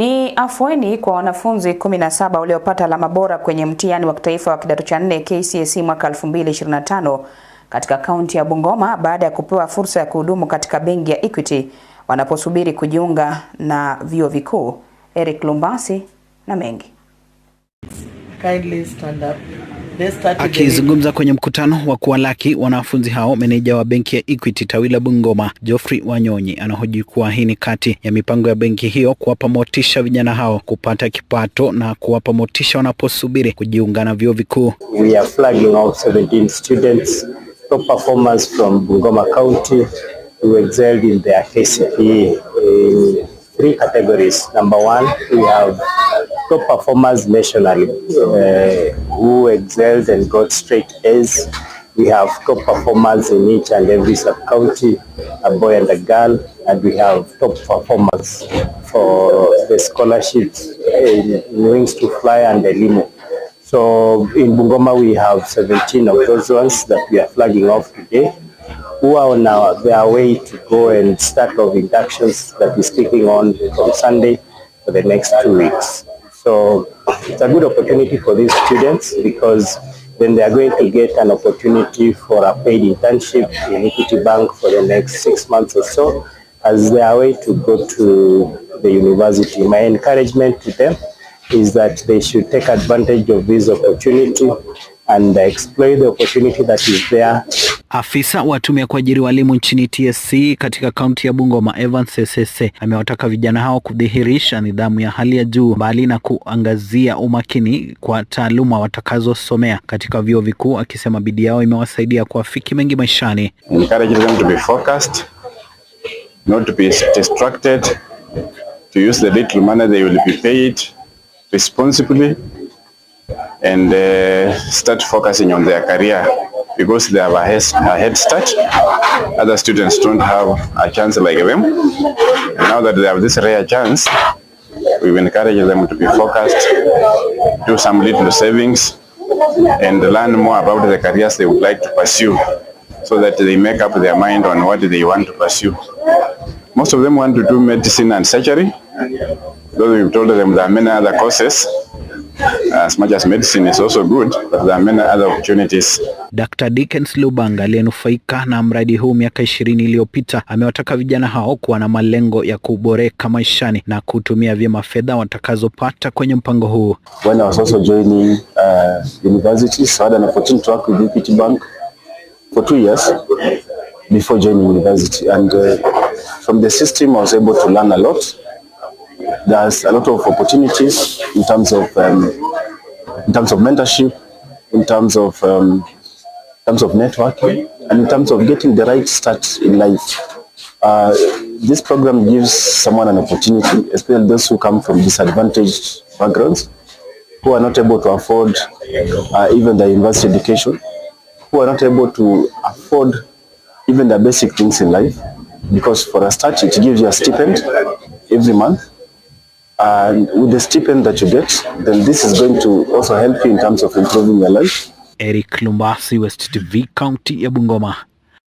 Ni afueni kwa wanafunzi 17 waliopata alama bora kwenye mtihani wa kitaifa wa kidato cha nne KCSE mwaka 2025 katika kaunti ya Bungoma baada ya kupewa fursa ya kuhudumu katika benki ya Equity wanaposubiri kujiunga na vyuo vikuu. Eric Lumbasi na mengi. Kindly stand up. Akizungumza kwenye mkutano wa kuwalaki wanafunzi hao, meneja wa benki ya Equity tawila Bungoma, Geoffrey Wanyonyi, anahoji kuwa hii ni kati ya mipango ya benki hiyo kuwapa motisha vijana hao kupata kipato na kuwapa motisha wanaposubiri kujiunga na vyuo vikuu. We are flagging out 17 students top performers from Bungoma County who excelled in their KCPE in three categories. Number one, we have top performers nationally uh, who excelled and got straight A's. We have top performers in each and every sub-county, a boy and a girl, and we have top performers for the scholarships in Wings to Fly and the Limo. So in Bungoma we have 17 of those ones that we are flagging off today who are now their way to go and start of inductions that is kicking on from Sunday for the next two weeks. So it's a good opportunity for these students because then they are going to get an opportunity for a paid internship in Equity Bank for the next six months or so as their way to go to the university. My encouragement to them is that they should take advantage of this opportunity and exploit the opportunity that is there Afisa wa tume ya kuajiri walimu nchini TSC katika kaunti ya Bungoma Evans Sesese amewataka vijana hao kudhihirisha nidhamu ya hali ya juu mbali na kuangazia umakini kwa taaluma watakazosomea katika vyuo vikuu, akisema bidii yao imewasaidia kuafiki mengi maishani. And, uh, start focusing on their career because they have a head, start. Other students don't have a chance like them. And now that they have this rare chance, we encourage them to be focused, do some little savings, and learn more about the careers they would like to pursue so that they make up their mind on what they want to pursue. Most of them want to do medicine and surgery, though we've told them there are many other courses Uh, as much as medicine is also good, but there are many other opportunities. Dr. Dickens Lubanga aliyenufaika na mradi huu miaka ishirini iliyopita amewataka vijana hao kuwa na malengo ya kuboreka maishani na kutumia vyema fedha watakazopata kwenye mpango huu. When I was also joining uh, university, so I had an opportunity to work with Equity Bank for two years before joining university and uh, from the system I was able to learn a lot there's a lot of opportunities in terms of um, in terms of mentorship in terms of um, in terms of networking and in terms of getting the right start in life uh, this program gives someone an opportunity especially those who come from disadvantaged backgrounds who are not able to afford uh, even their university education who are not able to afford even the basic things in life because for a start it gives you a stipend every month And with the stipend that you get, then this is going to also help you in terms of improving your life. Eric Lumbasi, West TV, County ya Bungoma.